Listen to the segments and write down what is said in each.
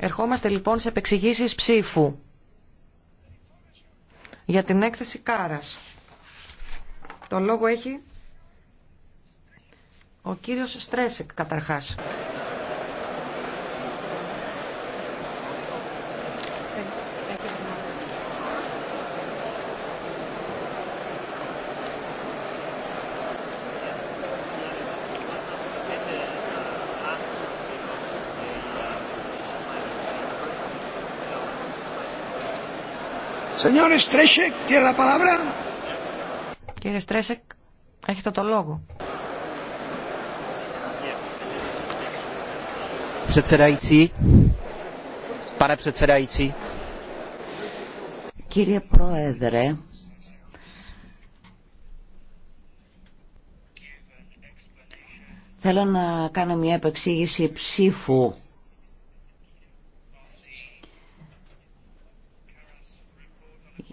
Ερχόμαστε λοιπόν σε επεξηγήσει ψήφου για την έκθεση Κάρας. Το λόγο έχει ο κύριος Στρέσεκ καταρχάς. Κύριε Στρέσεκ, έχετε το λόγο. Κύριε Πρόεδρε, θέλω να κάνω μια επεξήγηση ψήφου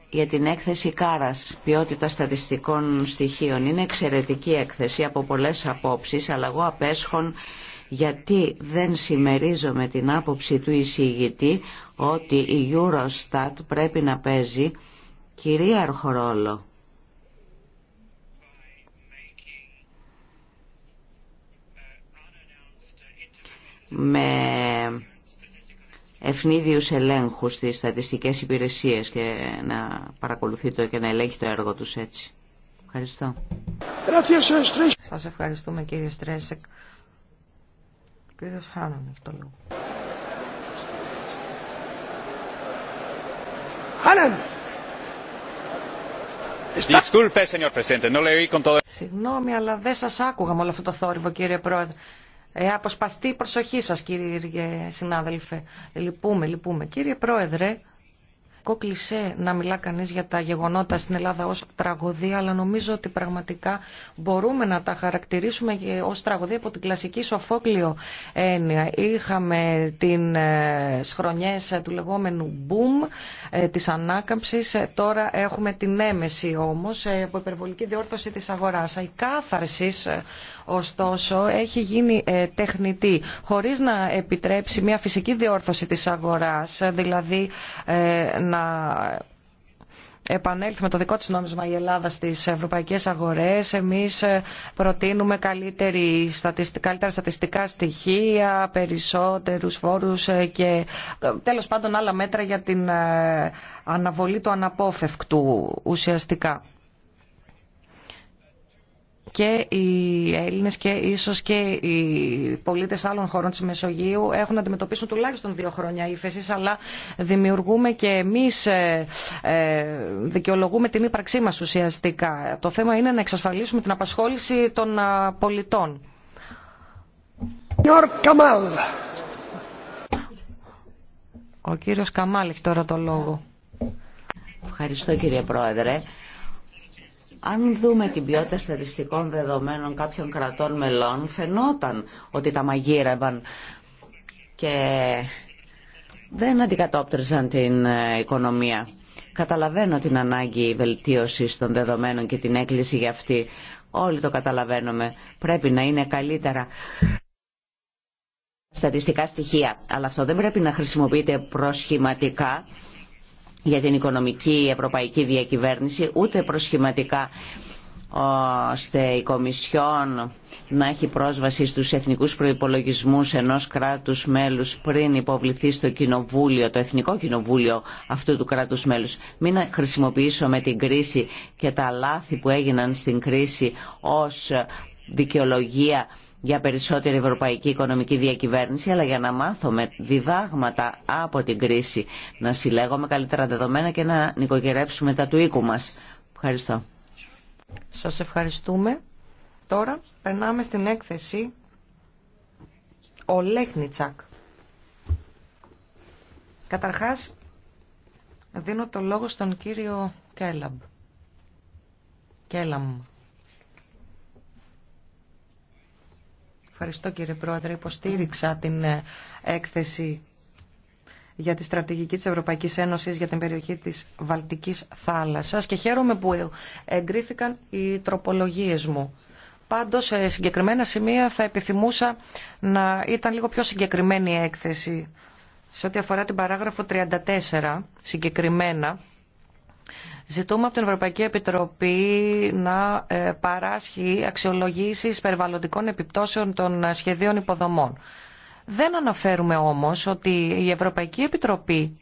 για την έκθεση Κάρας, ποιότητα στατιστικών στοιχείων. Είναι εξαιρετική έκθεση από πολλές απόψεις, αλλά εγώ απέσχον γιατί δεν συμμερίζομαι την άποψη του εισηγητή ότι η Eurostat πρέπει να παίζει κυρίαρχο ρόλο. με ευνίδιους ελέγχους στις στατιστικές υπηρεσίες και να παρακολουθεί το και να ελέγχει το έργο τους έτσι. Ευχαριστώ. Σας ευχαριστούμε κύριε Στρέσεκ. Κύριος Χάνων έχει το λόγο. Χάνων! Συγγνώμη, αλλά δεν σας άκουγα με όλο αυτό το θόρυβο, κύριε Πρόεδρε. Ε, αποσπαστεί η προσοχή σας κύριε συνάδελφε. Λυπούμε, λυπούμε. Κύριε Πρόεδρε, κακό να μιλά κανείς για τα γεγονότα στην Ελλάδα ως τραγωδία, αλλά νομίζω ότι πραγματικά μπορούμε να τα χαρακτηρίσουμε ως τραγωδία από την κλασική σοφόκλειο έννοια. Είχαμε την ε, χρονιές του λεγόμενου boom ε, της ανάκαμψης, ε, τώρα έχουμε την έμεση όμως από υπερβολική διόρθωση της αγοράς. Η κάθαρση ωστόσο έχει γίνει τεχνητή, χωρίς να επιτρέψει μια φυσική διόρθωση της αγοράς, δηλαδή να να επανέλθει με το δικό της νόμισμα η Ελλάδα στις ευρωπαϊκές αγορές. Εμείς ε, προτείνουμε καλύτερη στατιστικά, καλύτερα στατιστικά στοιχεία, περισσότερους φόρους ε, και ε, τέλος πάντων άλλα μέτρα για την αναβολή του αναπόφευκτου ουσιαστικά και οι Έλληνες και ίσως και οι πολίτες άλλων χωρών της Μεσογείου έχουν να αντιμετωπίσουν τουλάχιστον δύο χρόνια ύφεση, αλλά δημιουργούμε και εμείς ε, ε, δικαιολογούμε την ύπαρξή μας ουσιαστικά. Το θέμα είναι να εξασφαλίσουμε την απασχόληση των πολιτών. Ο κύριος Καμάλ έχει τώρα το λόγο. Ευχαριστώ κύριε Πρόεδρε. Αν δούμε την ποιότητα στατιστικών δεδομένων κάποιων κρατών μελών, φαινόταν ότι τα μαγείρευαν και δεν αντικατόπτριζαν την ε, οικονομία. Καταλαβαίνω την ανάγκη βελτίωσης των δεδομένων και την έκκληση για αυτή. Όλοι το καταλαβαίνουμε. Πρέπει να είναι καλύτερα στατιστικά στοιχεία. Αλλά αυτό δεν πρέπει να χρησιμοποιείται προσχηματικά για την οικονομική ευρωπαϊκή διακυβέρνηση, ούτε προσχηματικά ώστε η Κομισιόν να έχει πρόσβαση στους εθνικούς προϋπολογισμούς ενός κράτους μέλους πριν υποβληθεί στο κοινοβούλιο, το Εθνικό Κοινοβούλιο αυτού του κράτους μέλους. Μην με την κρίση και τα λάθη που έγιναν στην κρίση ως δικαιολογία για περισσότερη ευρωπαϊκή οικονομική διακυβέρνηση, αλλά για να μάθουμε διδάγματα από την κρίση, να συλλέγουμε καλύτερα δεδομένα και να νοικοκυρέψουμε τα του οίκου μας. Ευχαριστώ. Σας ευχαριστούμε. Τώρα περνάμε στην έκθεση «Ο Λέχνιτσακ». Καταρχάς, δίνω το λόγο στον κύριο Κέλαμπ. Κέλαμ. Ευχαριστώ κύριε Πρόεδρε. Υποστήριξα την ε, έκθεση για τη στρατηγική της Ευρωπαϊκής Ένωσης για την περιοχή της Βαλτικής θάλασσας και χαίρομαι που εγκρίθηκαν οι τροπολογίες μου. Πάντως σε συγκεκριμένα σημεία θα επιθυμούσα να ήταν λίγο πιο συγκεκριμένη η έκθεση σε ό,τι αφορά την παράγραφο 34 συγκεκριμένα Ζητούμε από την Ευρωπαϊκή Επιτροπή να ε, παράσχει αξιολογήσεις περιβαλλοντικών επιπτώσεων των ε, σχεδίων υποδομών. Δεν αναφέρουμε όμως ότι η Ευρωπαϊκή Επιτροπή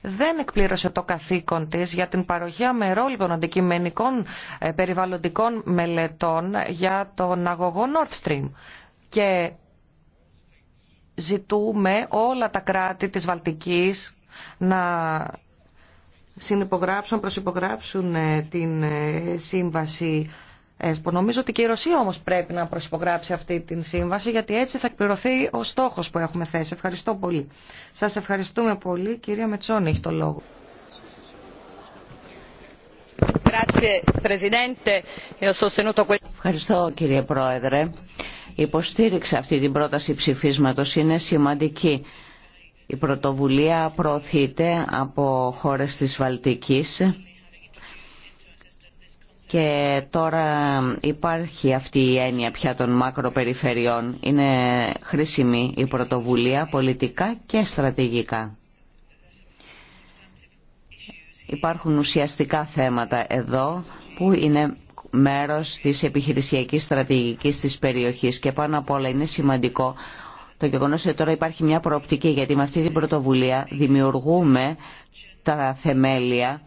δεν εκπλήρωσε το καθήκον της για την παροχή αμερόληπτων αντικειμενικών ε, περιβαλλοντικών μελετών για τον αγωγό Nord Stream. Και ζητούμε όλα τα κράτη της Βαλτικής να συνυπογράψουν, προσυπογράψουν ε, την ε, σύμβαση ΕΣΠΟ. Νομίζω ότι και η Ρωσία όμως πρέπει να προσυπογράψει αυτή την σύμβαση γιατί έτσι θα εκπληρωθεί ο στόχος που έχουμε θέσει. Ευχαριστώ πολύ. Σας ευχαριστούμε πολύ. Κυρία Μετσόνη έχει το λόγο. Ευχαριστώ κύριε Πρόεδρε. Υποστήριξα αυτή την πρόταση ψηφίσματος. Είναι σημαντική η πρωτοβουλία προωθείται από χώρες της Βαλτικής και τώρα υπάρχει αυτή η έννοια πια των μακροπεριφερειών. Είναι χρήσιμη η πρωτοβουλία πολιτικά και στρατηγικά. Υπάρχουν ουσιαστικά θέματα εδώ που είναι μέρος της επιχειρησιακής στρατηγικής της περιοχής και πάνω απ' όλα είναι σημαντικό το γεγονό ότι τώρα υπάρχει μια προοπτική, γιατί με αυτή την πρωτοβουλία δημιουργούμε τα θεμέλια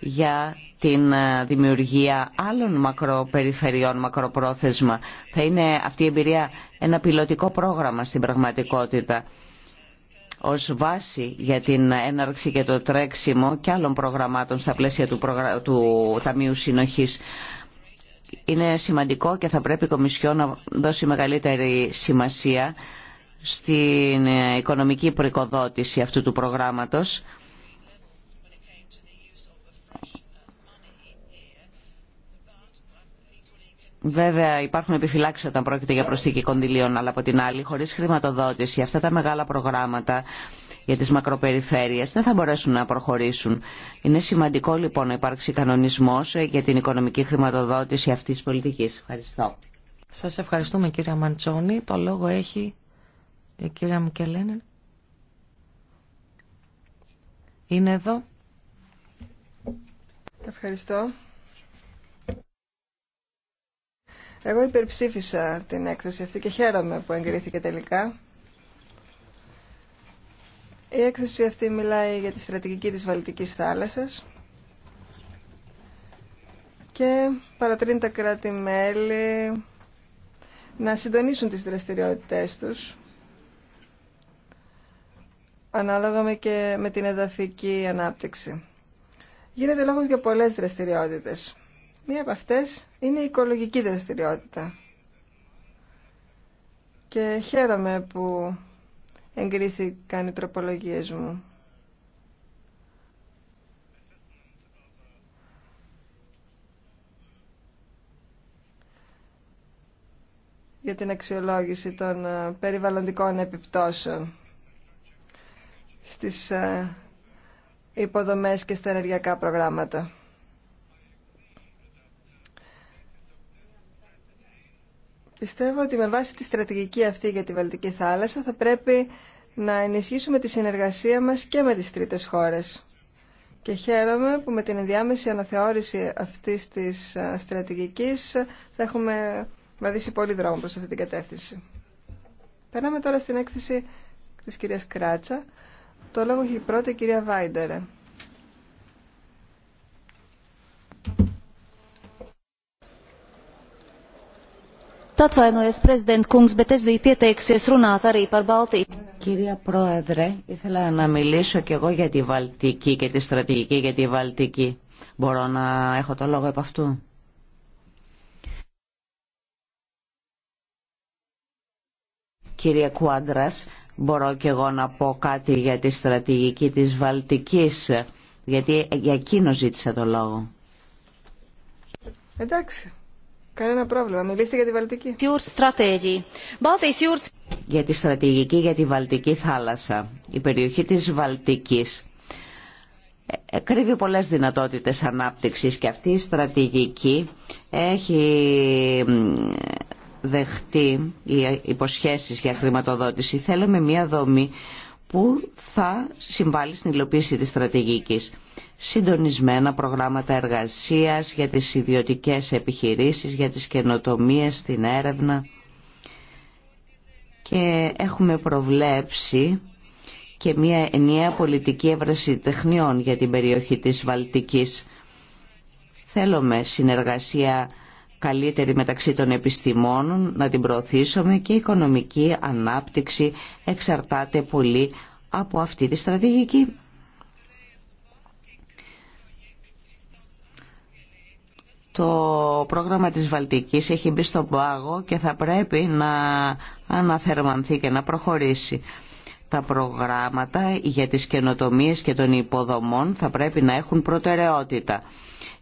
για την ε, δημιουργία άλλων μακροπεριφερειών, μακροπρόθεσμα. Θα είναι αυτή η εμπειρία ένα πιλωτικό πρόγραμμα στην πραγματικότητα ως βάση για την έναρξη και το τρέξιμο και άλλων προγραμμάτων στα πλαίσια του, προγρα... του Ταμείου Συνοχής. Είναι σημαντικό και θα πρέπει η Κομισιό να δώσει μεγαλύτερη σημασία στην οικονομική προοικοδότηση αυτού του προγράμματος. Βέβαια υπάρχουν επιφυλάξει όταν πρόκειται για προσθήκη κονδυλίων, αλλά από την άλλη, χωρίς χρηματοδότηση, αυτά τα μεγάλα προγράμματα για τις μακροπεριφέρειες δεν θα μπορέσουν να προχωρήσουν. Είναι σημαντικό λοιπόν να υπάρξει κανονισμός για την οικονομική χρηματοδότηση αυτής τη πολιτική. Ευχαριστώ. Σας ευχαριστούμε κύριε Μαντσόνη. Το λόγο έχει η ε, κυρία λένε. είναι εδώ. Ευχαριστώ. Εγώ υπερψήφισα την έκθεση αυτή και χαίρομαι που εγκρίθηκε τελικά. Η έκθεση αυτή μιλάει για τη στρατηγική της Βαλτικής θάλασσας και παρατρύνει τα κράτη-μέλη να συντονίσουν τις δραστηριότητές τους ανάλογα με και με την εδαφική ανάπτυξη. Γίνεται λόγος για πολλές δραστηριότητες. Μία από αυτές είναι η οικολογική δραστηριότητα. Και χαίρομαι που εγκρίθηκαν οι τροπολογίες μου. για την αξιολόγηση των ε, περιβαλλοντικών επιπτώσεων στις ε, υποδομές και στα ενεργειακά προγράμματα. Πιστεύω ότι με βάση τη στρατηγική αυτή για τη Βαλτική θάλασσα θα πρέπει να ενισχύσουμε τη συνεργασία μας και με τις τρίτες χώρες. Και χαίρομαι που με την ενδιάμεση αναθεώρηση αυτής της ε, στρατηγικής θα έχουμε βαδίσει πολύ δρόμο προς αυτή την κατεύθυνση. Περνάμε τώρα στην έκθεση της κυρίας Κράτσα το λόγο έχει πρώτη η κυρία Βάιντερε. Κυρία Πρόεδρε, ήθελα να μιλήσω κι εγώ για τη Βαλτική και τη στρατηγική για τη Βαλτική. Μπορώ να έχω το λόγο επ' αυτού. Κυρία Κουάντρας, μπορώ και εγώ να πω κάτι για τη στρατηγική της Βαλτικής, γιατί για εκείνο ζήτησα το λόγο. Εντάξει, κανένα πρόβλημα. Μιλήστε για τη Βαλτική. Για τη στρατηγική για τη Βαλτική θάλασσα, η περιοχή της Βαλτικής ε, ε, κρύβει πολλές δυνατότητες ανάπτυξης και αυτή η στρατηγική έχει δεχτεί οι υποσχέσεις για χρηματοδότηση. Θέλουμε μια δομή που θα συμβάλλει στην υλοποίηση της στρατηγικής. Συντονισμένα προγράμματα εργασίας για τις ιδιωτικές επιχειρήσεις, για τις καινοτομίες στην έρευνα. Και έχουμε προβλέψει και μια ενιαία πολιτική έβραση τεχνιών για την περιοχή της Βαλτικής. Θέλουμε συνεργασία καλύτερη μεταξύ των επιστημόνων, να την προωθήσουμε και η οικονομική ανάπτυξη εξαρτάται πολύ από αυτή τη στρατηγική. Το πρόγραμμα της Βαλτικής έχει μπει στον πάγο και θα πρέπει να αναθερμανθεί και να προχωρήσει. Τα προγράμματα για τις καινοτομίες και των υποδομών θα πρέπει να έχουν προτεραιότητα.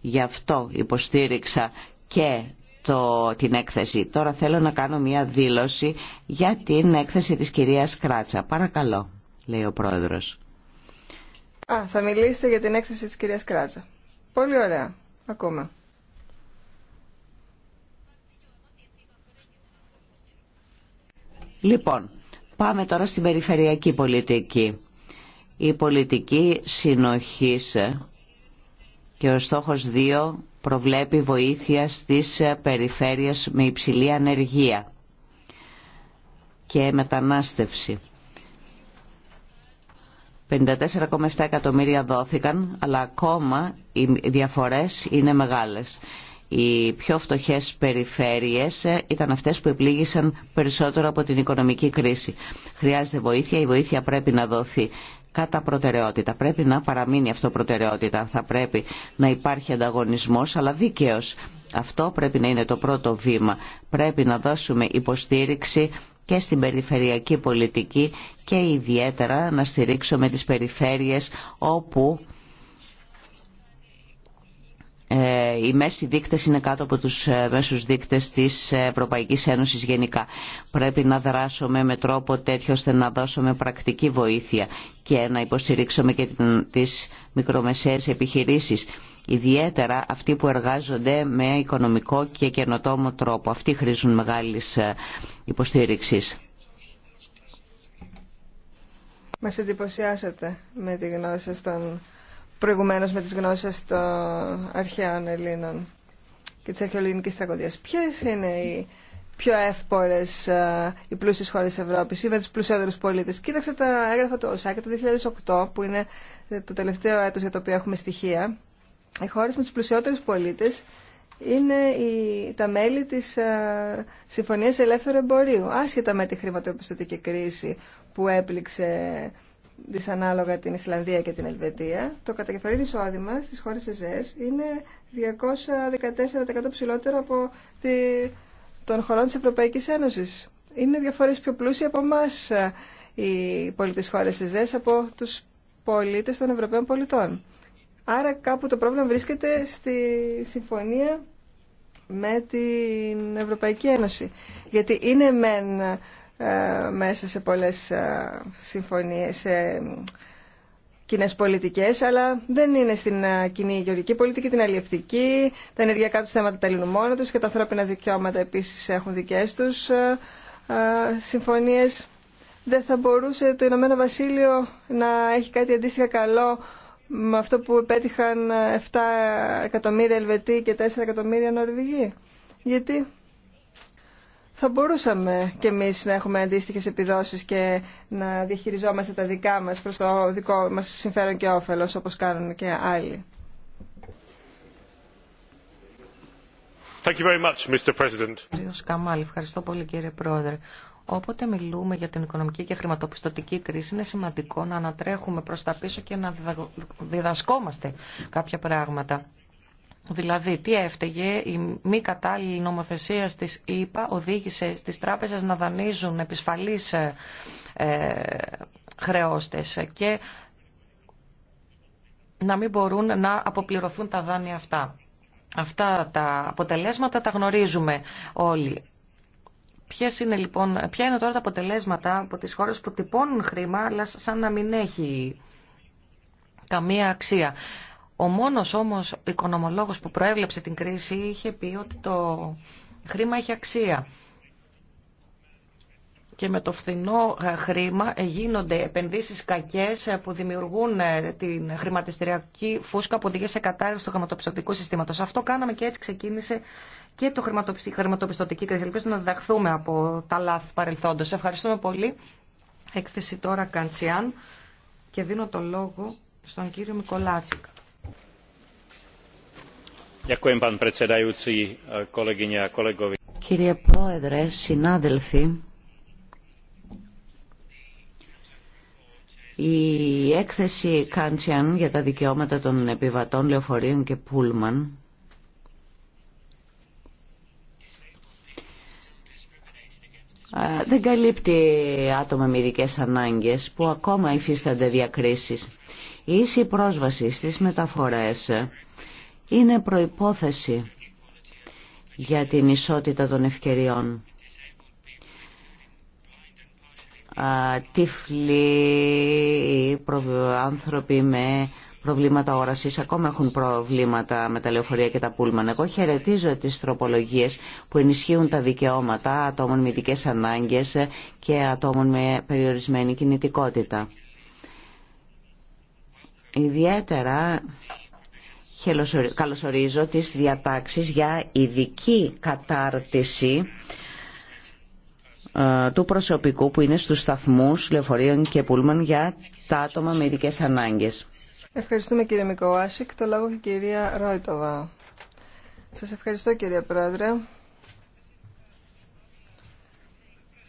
Γι' αυτό υποστήριξα και το, την έκθεση. Τώρα θέλω να κάνω μια δήλωση για την έκθεση της κυρίας Κράτσα. Παρακαλώ, λέει ο πρόεδρος. Α, θα μιλήσετε για την έκθεση της κυρίας Κράτσα. Πολύ ωραία. Ακόμα. Λοιπόν, πάμε τώρα στην περιφερειακή πολιτική. Η πολιτική συνοχής και ο στόχος 2 προβλέπει βοήθεια στις περιφέρειες με υψηλή ανεργία και μετανάστευση. 54,7 εκατομμύρια δόθηκαν, αλλά ακόμα οι διαφορές είναι μεγάλες. Οι πιο φτωχές περιφέρειες ήταν αυτές που επλήγησαν περισσότερο από την οικονομική κρίση. Χρειάζεται βοήθεια, η βοήθεια πρέπει να δοθεί κατά προτεραιότητα. Πρέπει να παραμείνει αυτό προτεραιότητα. Θα πρέπει να υπάρχει ανταγωνισμός, αλλά δίκαιος. Αυτό πρέπει να είναι το πρώτο βήμα. Πρέπει να δώσουμε υποστήριξη και στην περιφερειακή πολιτική και ιδιαίτερα να στηρίξουμε τις περιφέρειες όπου ε, οι μέσοι δείκτες είναι κάτω από τους ε, μέσους δείκτες της Ευρωπαϊκής Ένωσης γενικά. Πρέπει να δράσουμε με τρόπο τέτοιο ώστε να δώσουμε πρακτική βοήθεια και να υποστηρίξουμε και τις μικρομεσαίες επιχειρήσεις. Ιδιαίτερα αυτοί που εργάζονται με οικονομικό και καινοτόμο τρόπο. Αυτοί χρήζουν μεγάλη ε, υποστήριξης. Μας εντυπωσιάσατε με τη γνώση των προηγουμένως με τις γνώσεις των αρχαίων Ελλήνων και της αρχαιολογικής τραγωδίας. Ποιες είναι οι πιο εύπορες ε, οι πλούσιες χώρες Ευρώπης ή με τους πλουσιότερους πολίτες. Κοίταξα τα έγγραφα του ΩΣΑ και το 2008 που είναι το τελευταίο έτος για το οποίο έχουμε στοιχεία. Οι χώρες με τους πλουσιότερους πολίτες είναι οι, τα μέλη της συμφωνία ε, Συμφωνίας Ελεύθερου Εμπορίου, άσχετα με τη χρηματοπιστωτική κρίση που έπληξε δυσανάλογα την Ισλανδία και την Ελβετία, το κατακεφαλήν εισόδημα στις χώρες ΕΖΕΣ είναι 214% ψηλότερο από τη... των χωρών της Ευρωπαϊκής Ένωσης. Είναι δύο φορές πιο πλούσιοι από εμά ε, οι πολίτες χώρες ΕΖΕΣ από τους πολίτες των Ευρωπαίων πολιτών. Άρα κάπου το πρόβλημα βρίσκεται στη συμφωνία με την Ευρωπαϊκή Ένωση. Γιατί είναι μεν ε, μέσα σε πολλές ε, συμφωνίες, σε κοινέ πολιτικές, αλλά δεν είναι στην ε, κοινή γεωργική πολιτική, την αλληλευτική, τα ενεργειακά τους θέματα τα λύνουν μόνο τους και τα ανθρώπινα δικαιώματα επίσης έχουν δικές τους συμφωνίες. Δεν θα μπορούσε το Ηνωμένο Βασίλειο να έχει κάτι αντίστοιχα καλό με αυτό που επέτυχαν 7 εκατομμύρια Ελβετοί και 4 εκατομμύρια Νορβηγοί. Γιατί θα μπορούσαμε κι εμείς να έχουμε αντίστοιχες επιδόσεις και να διαχειριζόμαστε τα δικά μας προς το δικό μας συμφέρον και όφελος όπως κάνουν και άλλοι. Thank ευχαριστώ πολύ κύριε Πρόεδρε. Όποτε μιλούμε για την οικονομική και χρηματοπιστωτική κρίση, είναι σημαντικό να ανατρέχουμε προς τα πίσω και να διδασκόμαστε κάποια πράγματα. Δηλαδή, τι έφταιγε, η μη κατάλληλη νομοθεσία της ΕΠΑ οδήγησε στις τράπεζες να δανείζουν επισφαλείς ε, ε, χρεώστες και να μην μπορούν να αποπληρωθούν τα δάνεια αυτά. Αυτά τα αποτελέσματα τα γνωρίζουμε όλοι. Ποιες είναι, λοιπόν, ποια είναι τώρα τα αποτελέσματα από τις χώρες που τυπώνουν χρήμα, αλλά σαν να μην έχει καμία αξία. Ο μόνος όμως οικονομολόγος που προέβλεψε την κρίση είχε πει ότι το χρήμα έχει αξία. Και με το φθηνό ε, χρήμα γίνονται επενδύσεις κακές ε, που δημιουργούν ε, την χρηματιστηριακή φούσκα που οδηγεί σε κατάρρευση του χρηματοπιστωτικού συστήματο. Αυτό κάναμε και έτσι ξεκίνησε και το χρηματοπιστωτική κρίση. Ελπίζω να διδαχθούμε από τα λάθη παρελθόντος. Ευχαριστούμε πολύ. Έκθεση τώρα Καντσιάν και δίνω το λόγο στον κύριο Μικολάτσικα. Κύριε Πρόεδρε, συνάδελφοι, η έκθεση Κάντσιαν για τα δικαιώματα των επιβατών λεωφορείων και πούλμαν δεν καλύπτει άτομα με ειδικέ ανάγκες που ακόμα υφίστανται διακρίσεις. Η ίση πρόσβαση στις μεταφορές είναι προϋπόθεση για την ισότητα των ευκαιριών. Τύφλοι, άνθρωποι με προβλήματα όρασης ακόμα έχουν προβλήματα με τα λεωφορεία και τα πούλμαν. Εγώ χαιρετίζω τις τροπολογίες που ενισχύουν τα δικαιώματα ατόμων με ειδικές ανάγκες και ατόμων με περιορισμένη κινητικότητα. Ιδιαίτερα καλωσορίζω τις διατάξεις για ειδική κατάρτιση ε, του προσωπικού που είναι στους σταθμούς λεωφορείων και πούλμαν για τα άτομα με ειδικέ ανάγκες. Ευχαριστούμε κύριε Μικοάσικ. Το λόγο και κυρία Ρόιτοβα. Σας ευχαριστώ κύριε Πρόεδρε.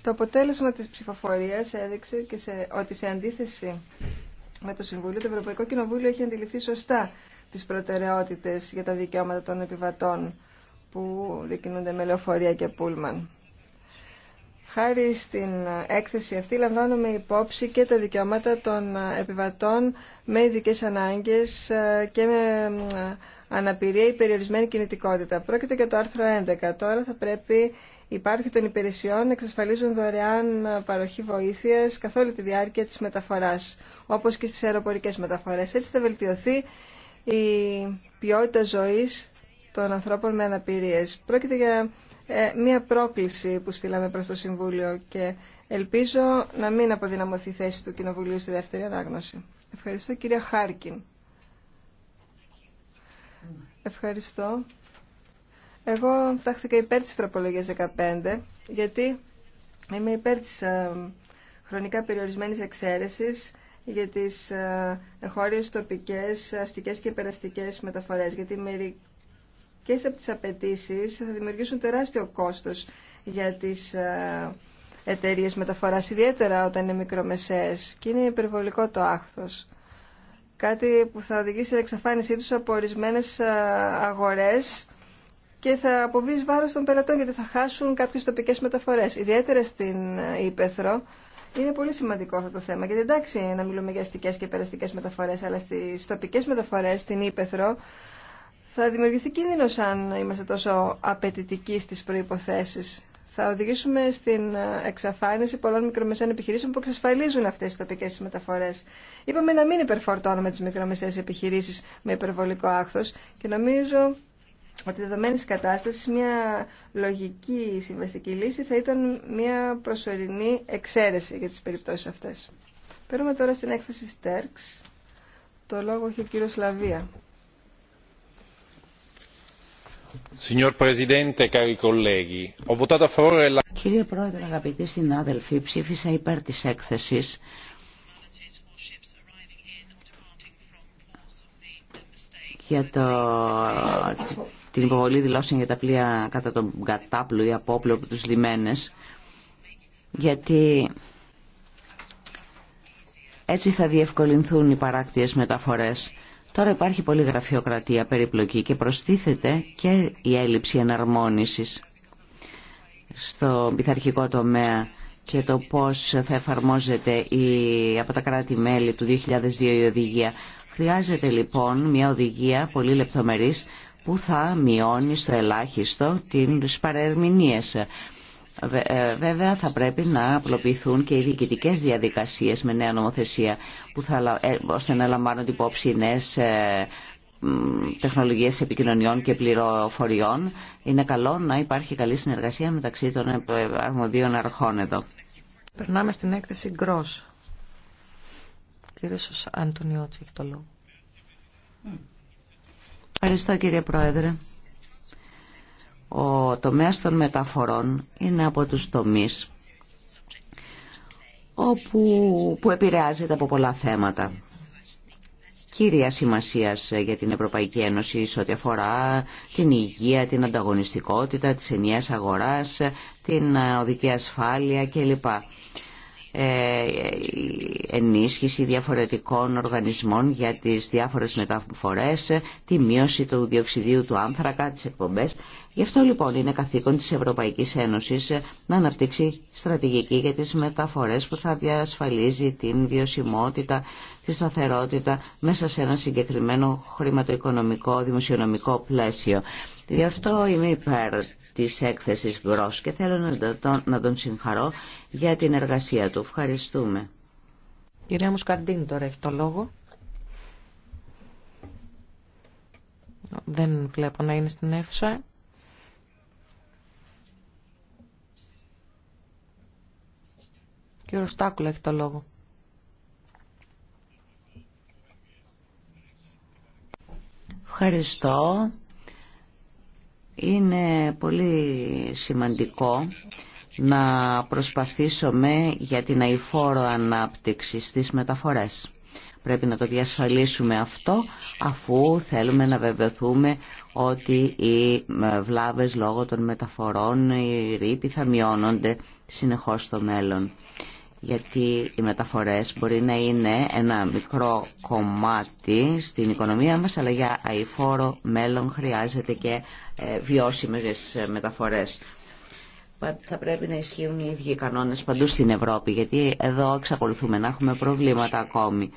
Το αποτέλεσμα της ψηφοφορίας έδειξε και σε, ότι σε αντίθεση με το Συμβούλιο, το Ευρωπαϊκό Κοινοβούλιο έχει αντιληφθεί σωστά τις προτεραιότητες για τα δικαιώματα των επιβατών που δικινούνται με λεωφορεία και πούλμαν. Χάρη στην έκθεση αυτή λαμβάνουμε υπόψη και τα δικαιώματα των επιβατών με ειδικέ ανάγκες ε, και με ε, αναπηρία ή περιορισμένη κινητικότητα. Πρόκειται για το άρθρο 11. Τώρα θα πρέπει υπάρχει των υπηρεσιών να εξασφαλίζουν δωρεάν παροχή βοήθειας καθ' όλη τη διάρκεια της μεταφοράς, όπως και στις αεροπορικές μεταφορές. Έτσι θα βελτιωθεί η ποιότητα ζωής των ανθρώπων με αναπηρίες. Πρόκειται για ε, μία πρόκληση που στείλαμε προς το Συμβούλιο και ελπίζω να μην αποδυναμωθεί η θέση του Κοινοβουλίου στη δεύτερη ανάγνωση. Ευχαριστώ κυρία Χάρκιν. Ευχαριστώ. Εγώ τάχθηκα υπέρ της τροπολογίας 15 γιατί είμαι υπέρ της ε, χρονικά περιορισμένης εξαίρεσης για τις ε, χώρες τοπικές, αστικές και περαστικές μεταφορές, γιατί μερικές από τις απαιτήσει θα δημιουργήσουν τεράστιο κόστος για τις ε, εταιρείες μεταφοράς, ιδιαίτερα όταν είναι μικρομεσαίες και είναι υπερβολικό το άχθος. Κάτι που θα οδηγήσει στην εξαφάνισή τους από ορισμένε ε, αγορές και θα αποβεί βάρος των πελατών γιατί θα χάσουν κάποιες τοπικές μεταφορές, ιδιαίτερα στην Ήπεθρο, είναι πολύ σημαντικό αυτό το θέμα. Γιατί εντάξει να μιλούμε για αστικέ και περαστικέ μεταφορές, αλλά στις τοπικές μεταφορές, στην Ήπεθρο, θα δημιουργηθεί κίνδυνο αν είμαστε τόσο απαιτητικοί στι προϋποθέσεις. Θα οδηγήσουμε στην εξαφάνιση πολλών μικρομεσαίων επιχειρήσεων που εξασφαλίζουν αυτέ τι τοπικέ μεταφορέ. Είπαμε να μην υπερφορτώνουμε τι μικρομεσαίε επιχειρήσει με υπερβολικό άκθο και νομίζω ότι δεδομένης κατάστασης μια λογική συμβαστική λύση θα ήταν μια προσωρινή εξαίρεση για τις περιπτώσεις αυτές. Παίρνουμε τώρα στην έκθεση Στέρξ. Το λόγο έχει ο κύριος Λαβία. Κύριε Πρόεδρε, αγαπητοί συνάδελφοι, ψήφισα υπέρ της έκθεσης για το την υποβολή δηλώσεων για τα πλοία κατά τον κατάπλο ή απόπλου από τους λιμένες γιατί έτσι θα διευκολυνθούν οι παράκτιες μεταφορές. Τώρα υπάρχει πολύ γραφειοκρατία περιπλοκή και προστίθεται και η έλλειψη εναρμόνισης στο πειθαρχικό τομέα και το πώς θα εφαρμόζεται η, από τα κράτη-μέλη του 2002 η οδηγία. Χρειάζεται λοιπόν μια οδηγία πολύ λεπτομερής που θα μειώνει στο ελάχιστο τις παρερμηνίες. Ε, βέβαια θα πρέπει να απλοποιηθούν και οι διοικητικέ διαδικασίες με νέα νομοθεσία που θα, ε, ώστε να λαμβάνονται υπόψη ε, τεχνολογίες επικοινωνιών και πληροφοριών. Είναι καλό να υπάρχει καλή συνεργασία μεταξύ των αρμοδίων αρχών εδώ. Περνάμε στην έκθεση Gross. έχει το Ευχαριστώ κύριε Πρόεδρε. Ο τομέας των μεταφορών είναι από τους τομείς όπου, που επηρεάζεται από πολλά θέματα. Κύρια σημασία για την Ευρωπαϊκή Ένωση σε ό,τι αφορά την υγεία, την ανταγωνιστικότητα, της ενιαίας αγοράς, την ε, οδική ασφάλεια κλπ. Ε, ενίσχυση διαφορετικών οργανισμών για τις διάφορες μεταφορές, τη μείωση του διοξιδίου του άνθρακα, τις εκπομπές. Γι' αυτό λοιπόν είναι καθήκον της Ευρωπαϊκής Ένωσης να αναπτύξει στρατηγική για τις μεταφορές που θα διασφαλίζει την βιωσιμότητα, τη σταθερότητα μέσα σε ένα συγκεκριμένο χρηματοοικονομικό, δημοσιονομικό πλαίσιο. Γι' αυτό είμαι υπέρ της έκθεσης Γκρός και θέλω να τον, να τον συγχαρώ για την εργασία του. Ευχαριστούμε. Κυρία Μουσκαρντίνη τώρα έχει το λόγο. Δεν βλέπω να είναι στην αίθουσα. Κύριο Στάκουλα έχει το λόγο. Ευχαριστώ. Είναι πολύ σημαντικό να προσπαθήσουμε για την αηφόρο ανάπτυξη στις μεταφορές. Πρέπει να το διασφαλίσουμε αυτό αφού θέλουμε να βεβαιωθούμε ότι οι βλάβες λόγω των μεταφορών, οι ρήποι θα μειώνονται συνεχώς στο μέλλον. Γιατί οι μεταφορές μπορεί να είναι ένα μικρό κομμάτι στην οικονομία μας, αλλά για αηφόρο μέλλον χρειάζεται και ε, βιώσιμες μεταφορές θα πρέπει να ισχύουν οι ίδιοι κανόνες παντού στην Ευρώπη, γιατί εδώ εξακολουθούμε να έχουμε προβλήματα ακόμη.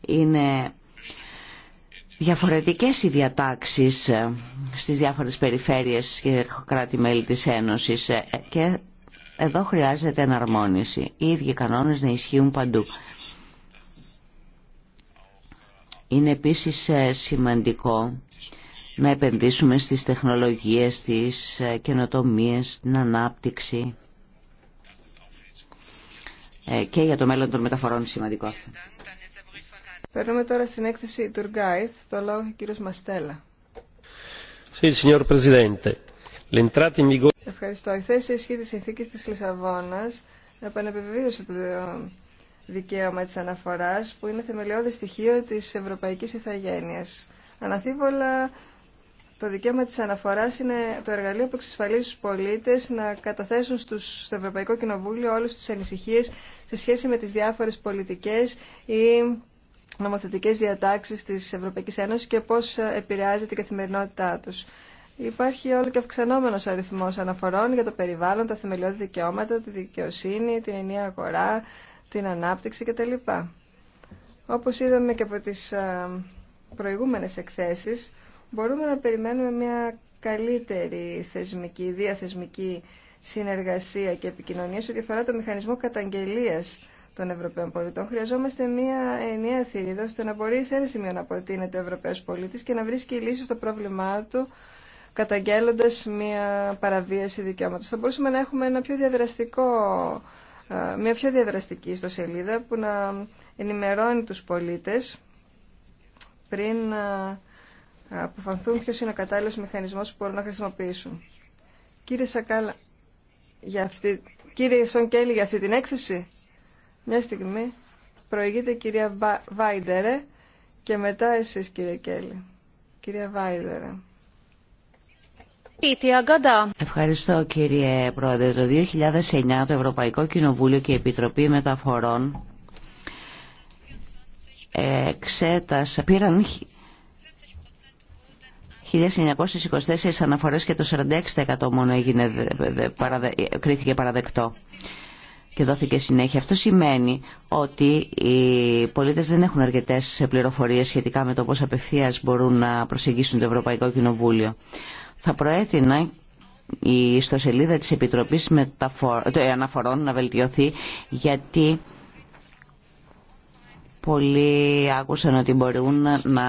Είναι διαφορετικές οι διατάξεις ε, στις διάφορες περιφέρειες και κράτη-μέλη της Ένωσης ε, και εδώ χρειάζεται εναρμόνιση. Οι ίδιοι κανόνες να ισχύουν παντού. Είναι επίσης ε, σημαντικό να επενδύσουμε στις τεχνολογίες, στις ε, καινοτομίες, στην ανάπτυξη ε, και για το μέλλον των μεταφορών σημαντικό αυτό. Περνούμε τώρα στην έκθεση Τουργκάιθ. Το λόγο ο κύριος Μαστέλα. Ευχαριστώ. Η θέση ισχύει της συνθήκης της Λισαβόνας επανεπιβίωσε το δικαίωμα της αναφοράς που είναι θεμελιώδη στοιχείο της ευρωπαϊκής ηθαγένειας. Αναφίβολα το δικαίωμα της αναφοράς είναι το εργαλείο που εξασφαλίζει στου πολίτες να καταθέσουν στους, στο Ευρωπαϊκό Κοινοβούλιο όλες τις ανησυχίες σε σχέση με τις διάφορες πολιτικές ή νομοθετικές διατάξεις της Ευρωπαϊκή Ένωση και πώς επηρεάζει την καθημερινότητά τους. Υπάρχει όλο και αυξανόμενος αριθμός αναφορών για το περιβάλλον, τα θεμελιώδη δικαιώματα, τη δικαιοσύνη, την ενιαία αγορά, την ανάπτυξη κτλ. Όπως είδαμε και από τις ε, προηγούμενες εκθέσεις, μπορούμε να περιμένουμε μια καλύτερη θεσμική, διαθεσμική συνεργασία και επικοινωνία σε ό,τι αφορά το μηχανισμό καταγγελίας των Ευρωπαίων πολιτών. Χρειαζόμαστε μια ενιαία θηρίδα ώστε να μπορεί σε ένα σημείο να αποτείνεται ο Ευρωπαίος πολίτη και να βρίσκει λύση στο πρόβλημά του καταγγέλλοντα μια παραβίαση δικαιώματο. Θα μπορούσαμε να έχουμε ένα πιο διαδραστικό, ε, μια πιο διαδραστική ιστοσελίδα που να ενημερώνει τους πολίτες πριν ε, αποφανθούν ποιο είναι ο κατάλληλο μηχανισμό που μπορούν να χρησιμοποιήσουν. Κύριε Σακάλα, για αυτή... κύριε Σον Κέλλη, για αυτή την έκθεση, μια στιγμή προηγείται κυρία Βάιντερε και μετά εσείς κύριε Κέλλη. Κυρία Βάιντερε. Ευχαριστώ κύριε Πρόεδρε. Το 2009 το Ευρωπαϊκό Κοινοβούλιο και η Επιτροπή Μεταφορών ε, πήραν 1924 αναφορές και το 46% μόνο έγινε, κρίθηκε παραδεκτό και δόθηκε συνέχεια. Αυτό σημαίνει ότι οι πολίτες δεν έχουν αρκετές πληροφορίες σχετικά με το πώς απευθείας μπορούν να προσεγγίσουν το Ευρωπαϊκό Κοινοβούλιο. Θα προέτεινα η ιστοσελίδα της Επιτροπής Μεταφορ... Ε, Αναφορών να βελτιωθεί γιατί Πολλοί άκουσαν ότι μπορούν να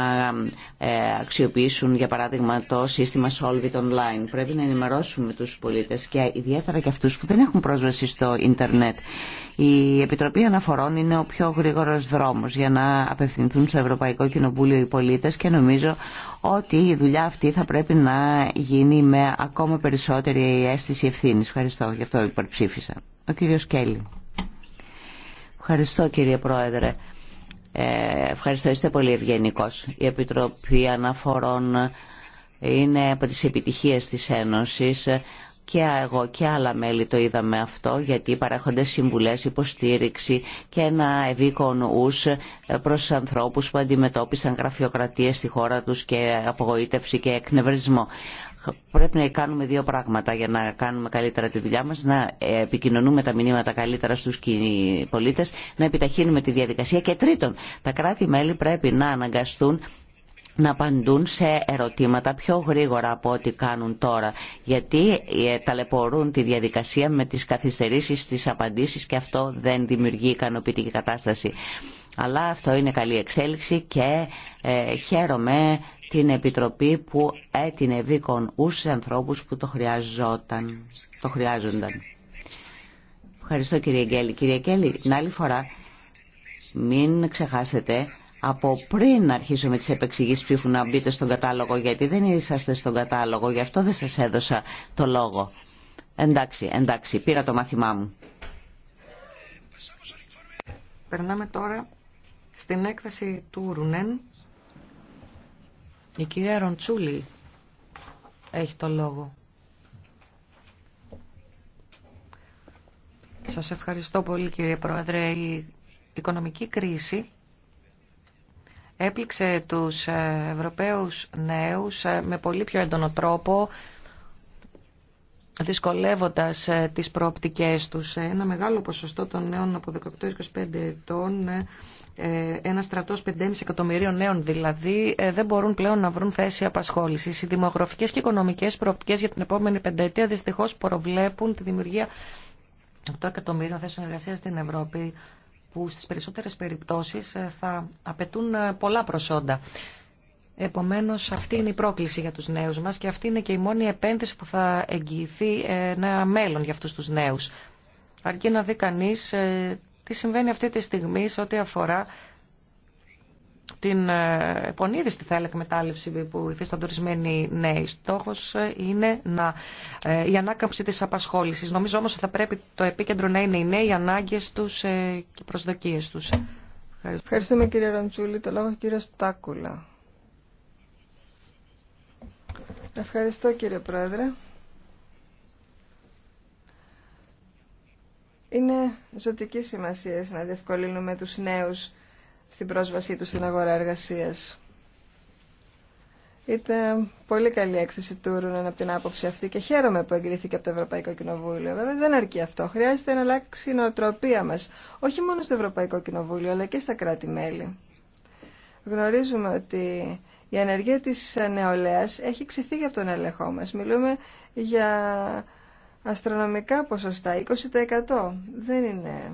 ε, αξιοποιήσουν, για παράδειγμα, το σύστημα Solvit Online. Πρέπει να ενημερώσουμε τους πολίτες και ιδιαίτερα και αυτούς που δεν έχουν πρόσβαση στο ίντερνετ. Η Επιτροπή Αναφορών είναι ο πιο γρήγορος δρόμος για να απευθυνθούν στο Ευρωπαϊκό Κοινοβούλιο οι πολίτες και νομίζω ότι η δουλειά αυτή θα πρέπει να γίνει με ακόμα περισσότερη αίσθηση ευθύνη. Ευχαριστώ, γι' αυτό υπερψήφισα. Ο κύριος Κέλλη. Ευχαριστώ κύριε Πρόεδρε. Ε, ευχαριστώ, είστε πολύ ευγενικό. Η Επιτροπή Αναφορών είναι από τις επιτυχίες της Ένωσης και εγώ και άλλα μέλη το είδαμε αυτό γιατί παρέχονται συμβουλές, υποστήριξη και ένα ευήκον ους προς ανθρώπους που αντιμετώπισαν γραφειοκρατίες στη χώρα τους και απογοήτευση και εκνευρισμό πρέπει να κάνουμε δύο πράγματα για να κάνουμε καλύτερα τη δουλειά μας, να επικοινωνούμε τα μηνύματα καλύτερα στους πολίτες, να επιταχύνουμε τη διαδικασία και τρίτον, τα κράτη-μέλη πρέπει να αναγκαστούν να απαντούν σε ερωτήματα πιο γρήγορα από ό,τι κάνουν τώρα, γιατί ε, ταλαιπωρούν τη διαδικασία με τις καθυστερήσεις, τις απαντήσεις και αυτό δεν δημιουργεί ικανοποιητική κατάσταση. Αλλά αυτό είναι καλή εξέλιξη και ε, χαίρομαι την Επιτροπή που έτεινε βίκον ούς ανθρώπους που το, χρειαζόταν, το χρειάζονταν. Ευχαριστώ κύριε Γκέλη. Κύριε Γκέλη, την άλλη φορά μην ξεχάσετε από πριν αρχίσω με τις επεξηγήσεις ψήφου να μπείτε στον κατάλογο γιατί δεν είσαστε στον κατάλογο, γι' αυτό δεν σας έδωσα το λόγο. Εντάξει, εντάξει, πήρα το μάθημά μου. Περνάμε τώρα στην έκθεση του Ρουνέν η κυρία Ροντσούλη έχει το λόγο. Σας ευχαριστώ πολύ κύριε Πρόεδρε. Η οικονομική κρίση έπληξε τους ε, Ευρωπαίους νέους ε, με πολύ πιο έντονο τρόπο δυσκολεύοντας ε, τις προοπτικές τους. Ε, ένα μεγάλο ποσοστό των νέων από 18-25 ετών, ε, ένα στρατός 5,5 εκατομμυρίων νέων δηλαδή, δεν μπορούν πλέον να βρουν θέση απασχόλησης. Οι δημογραφικές και οικονομικές προοπτικές για την επόμενη πενταετία δυστυχώς προβλέπουν τη δημιουργία 8 εκατομμυρίων θέσεων εργασία στην Ευρώπη που στις περισσότερες περιπτώσεις θα απαιτούν πολλά προσόντα. Επομένω, αυτή είναι η πρόκληση για του νέου μα και αυτή είναι και η μόνη επένδυση που θα εγγυηθεί ε, ένα μέλλον για αυτού του νέου. Αρκεί να δει κανεί ε, τι συμβαίνει αυτή τη στιγμή σε ό,τι αφορά την ε, επονίδιστη θα έλεγα μετάλλευση που υφίστανται ορισμένοι νέοι. Στόχο είναι να, η ανάκαμψη τη απασχόληση, Νομίζω όμω ότι θα πρέπει το επίκεντρο να είναι οι νέοι, οι ανάγκες τους και οι προσδοκίε του. Ευχαριστούμε κύριε Ραντσούλη. Το λόγο κύριο Στάκουλα. Ευχαριστώ κύριε Πρόεδρε. Είναι ζωτική σημασία να διευκολύνουμε τους νέους στην πρόσβασή τους στην αγορά εργασίας. Ήταν πολύ καλή έκθεση του Ρούνεν από την άποψη αυτή και χαίρομαι που εγκρίθηκε από το Ευρωπαϊκό Κοινοβούλιο. Βέβαια δεν αρκεί αυτό. Χρειάζεται να αλλάξει η νοοτροπία μας, όχι μόνο στο Ευρωπαϊκό Κοινοβούλιο αλλά και στα κράτη-μέλη. Γνωρίζουμε ότι η ανεργία της νεολαίας έχει ξεφύγει από τον έλεγχό μας. Μιλούμε για αστρονομικά ποσοστά, 20%. Δεν είναι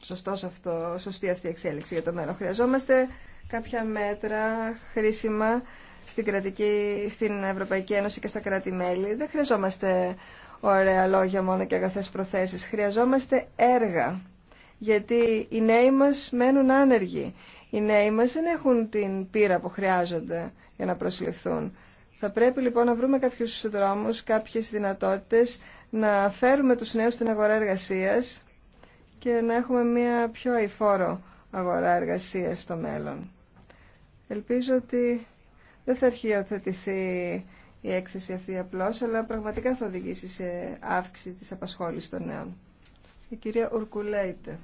σωστός αυτό, σωστή αυτή η εξέλιξη για το μέλλον. Χρειαζόμαστε κάποια μέτρα χρήσιμα στην, στην Ευρωπαϊκή Ένωση και στα κράτη-μέλη. Δεν χρειαζόμαστε ωραία λόγια μόνο και αγαθές προθέσεις. Χρειαζόμαστε έργα, γιατί οι νέοι μας μένουν άνεργοι οι νέοι μας δεν έχουν την πείρα που χρειάζονται για να προσληφθούν. Θα πρέπει λοιπόν να βρούμε κάποιους δρόμους, κάποιες δυνατότητες να φέρουμε τους νέους στην αγορά εργασίας και να έχουμε μια πιο αηφόρο αγορά εργασίας στο μέλλον. Ελπίζω ότι δεν θα αρχιοθετηθεί η έκθεση αυτή απλώς, αλλά πραγματικά θα οδηγήσει σε αύξηση της απασχόλησης των νέων. Η κυρία Ουρκουλέιτε.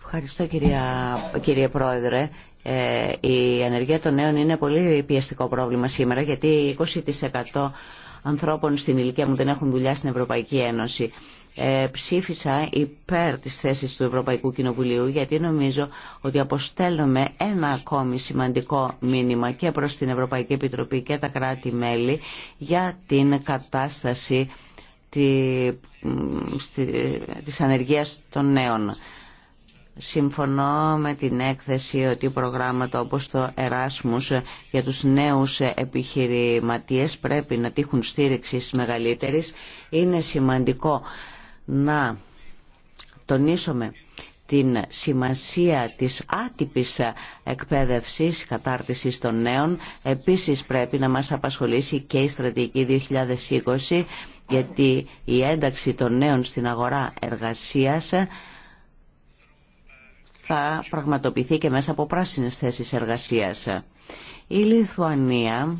Ευχαριστώ κυρία, κύριε Πρόεδρε. Ε, η ανεργία των νέων είναι πολύ πιεστικό πρόβλημα σήμερα γιατί 20% ανθρώπων στην ηλικία μου δεν έχουν δουλειά στην Ευρωπαϊκή Ένωση. Ε, ψήφισα υπέρ της θέσης του Ευρωπαϊκού Κοινοβουλίου γιατί νομίζω ότι αποστέλνουμε ένα ακόμη σημαντικό μήνυμα και προς την Ευρωπαϊκή Επιτροπή και τα κράτη-μέλη για την κατάσταση τη, στη, της ανεργίας των νέων. Συμφωνώ με την έκθεση ότι προγράμματα όπως το ΕΡΑΣΜΟΥΣ για τους νέους επιχειρηματίες πρέπει να τύχουν στήριξης μεγαλύτερης. Είναι σημαντικό να τονίσουμε την σημασία της άτυπης εκπαίδευσης, κατάρτισης των νέων. Επίσης πρέπει να μας απασχολήσει και η στρατηγική 2020 γιατί η ένταξη των νέων στην αγορά εργασίας θα πραγματοποιηθεί και μέσα από πράσινες θέσεις εργασίας. Η Λιθουανία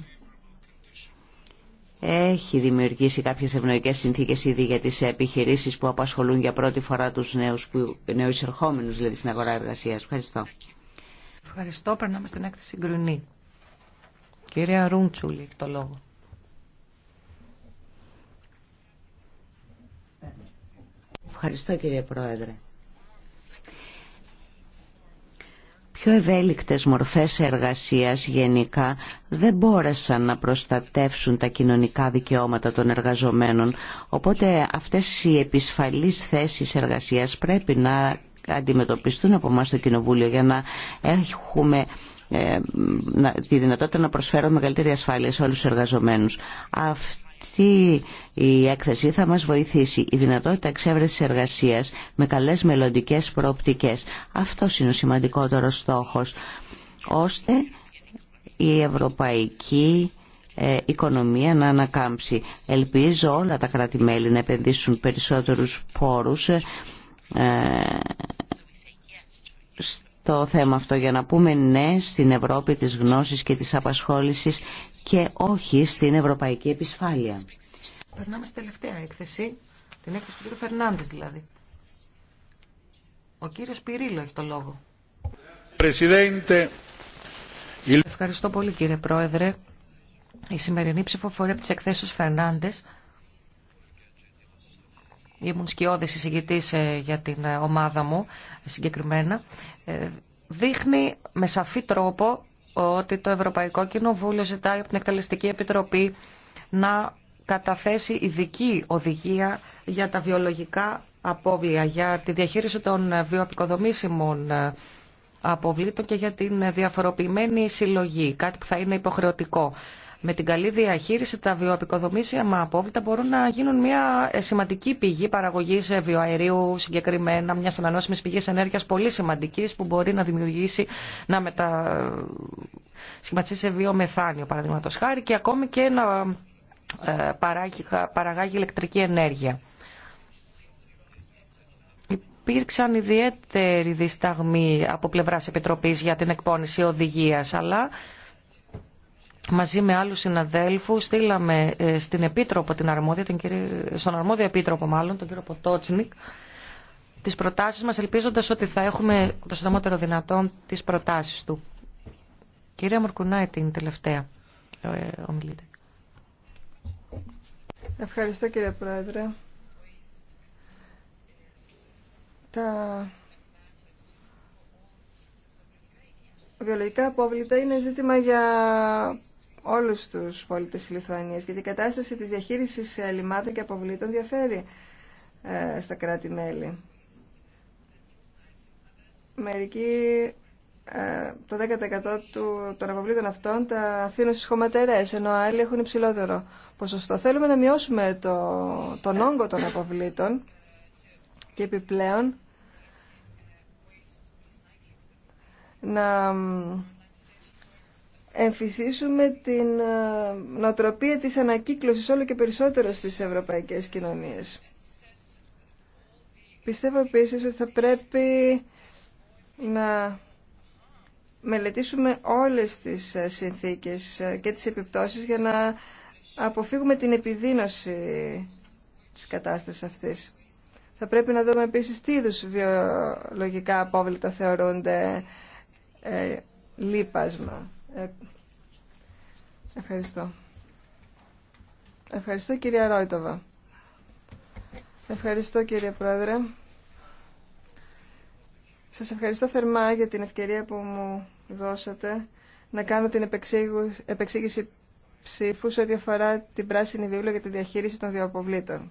έχει δημιουργήσει κάποιες ευνοϊκές συνθήκες ήδη για τις επιχειρήσεις που απασχολούν για πρώτη φορά τους νέους, που, νέους ερχόμενους δηλαδή στην αγορά εργασίας. Ευχαριστώ. Ευχαριστώ. Περνάμε στην έκθεση Γκρουνή. Κυρία Ρούντσουλη, το λόγο. Ευχαριστώ κύριε Πρόεδρε. πιο ευέλικτες μορφές εργασίας γενικά δεν μπόρεσαν να προστατεύσουν τα κοινωνικά δικαιώματα των εργαζομένων. Οπότε αυτές οι επισφαλείς θέσεις εργασίας πρέπει να αντιμετωπιστούν από εμάς στο Κοινοβούλιο για να έχουμε ε, τη δυνατότητα να προσφέρουμε μεγαλύτερη ασφάλεια σε όλους τους εργαζομένους αυτή η έκθεση θα μας βοηθήσει η δυνατότητα εξέβρεσης εργασίας με καλές μελλοντικέ προοπτικές. Αυτό είναι ο σημαντικότερος στόχος, ώστε η ευρωπαϊκή ε, οικονομία να ανακάμψει. Ελπίζω όλα τα κράτη-μέλη να επενδύσουν περισσότερους πόρους ε, στο θέμα αυτό για να πούμε ναι στην Ευρώπη της γνώσης και της απασχόλησης και όχι στην ευρωπαϊκή επισφάλεια. Περνάμε στη τελευταία έκθεση, την έκθεση του κ. Φερνάνδη δηλαδή. Ο κύριος Πυρίλο έχει το λόγο. Ευχαριστώ πολύ κύριε Πρόεδρε. Η σημερινή ψηφοφορία από τις εκθέσεις Φερνάντες ήμουν σκιώδης εισηγητή ε, για την ε, ομάδα μου συγκεκριμένα ε, δείχνει με σαφή τρόπο ότι το Ευρωπαϊκό Κοινοβούλιο ζητάει από την Εκτελεστική Επιτροπή να καταθέσει ειδική οδηγία για τα βιολογικά απόβλια, για τη διαχείριση των βιοαπικοδομήσιμων ε, αποβλήτων και για την διαφοροποιημένη συλλογή, κάτι που θα είναι υποχρεωτικό με την καλή διαχείριση τα με απόβλητα μπορούν να γίνουν μια ε, σημαντική πηγή παραγωγή ε, βιοαερίου συγκεκριμένα, μια ανανόσιμη πηγή ενέργεια πολύ σημαντική που μπορεί να δημιουργήσει, να μετα... Ε, σε βιομεθάνιο παραδείγματο χάρη και ακόμη και να παραγάγει ηλεκτρική ενέργεια. Υπήρξαν ιδιαίτεροι δισταγμοί από πλευράς Επιτροπής για την εκπόνηση οδηγίας, αλλά μαζί με άλλους συναδέλφους στείλαμε ε, στην Επίτροπο, την αρμόδια, τον στον αρμόδιο Επίτροπο μάλλον, τον κύριο Ποτότσινικ, τις προτάσεις μας ελπίζοντας ότι θα έχουμε το συντομότερο δυνατόν τις προτάσεις του. Κυρία Μουρκουνάη, την τελευταία ε, Ευχαριστώ κύριε Πρόεδρε. Τα βιολογικά απόβλητα είναι ζήτημα για όλους τους πολίτες της Λιθουανίας γιατί η κατάσταση της διαχείρισης λιμάτων και αποβλήτων διαφέρει ε, στα κράτη-μέλη. Μερικοί ε, το 10% του, των αποβλήτων αυτών τα αφήνουν στις χωματερές ενώ άλλοι έχουν υψηλότερο ποσοστό. Θέλουμε να μειώσουμε το, τον όγκο των αποβλήτων και επιπλέον να εμφυσίσουμε την ε, νοοτροπία της ανακύκλωσης όλο και περισσότερο στις ευρωπαϊκές κοινωνίες. Πιστεύω επίσης ότι θα πρέπει να μελετήσουμε όλες τις ε, συνθήκες ε, και τις επιπτώσεις για να αποφύγουμε την επιδείνωση της κατάστασης αυτής. Θα πρέπει να δούμε επίσης τι είδους βιολογικά απόβλητα θεωρούνται λίπασμα Ευχαριστώ. Ευχαριστώ κυρία Ρόιτοβα. Ευχαριστώ κύριε Πρόεδρε. Σας ευχαριστώ θερμά για την ευκαιρία που μου δώσατε να κάνω την επεξήγηση ψήφου ό,τι αφορά την πράσινη βίβλο για τη διαχείριση των βιοαποβλήτων.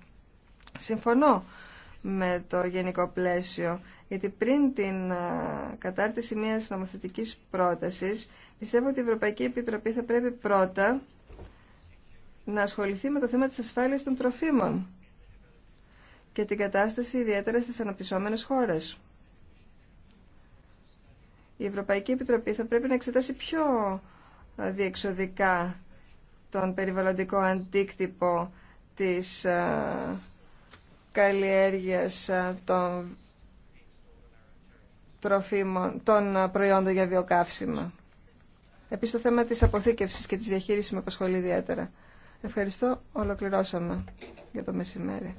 Συμφωνώ με το γενικό πλαίσιο. Γιατί πριν την ε, κατάρτιση μιας νομοθετικής πρότασης, πιστεύω ότι η Ευρωπαϊκή Επιτροπή θα πρέπει πρώτα να ασχοληθεί με το θέμα της ασφάλειας των τροφίμων και την κατάσταση ιδιαίτερα στις αναπτυσσόμενες χώρες. Η Ευρωπαϊκή Επιτροπή θα πρέπει να εξετάσει πιο ε, διεξοδικά τον περιβαλλοντικό αντίκτυπο της ε, καλλιέργειας ε, των τροφίμων, των ε, προϊόντων για βιοκαύσιμα. Επίσης το θέμα της αποθήκευσης και της διαχείρισης με απασχολεί ιδιαίτερα. Ευχαριστώ. Ολοκληρώσαμε για το μεσημέρι.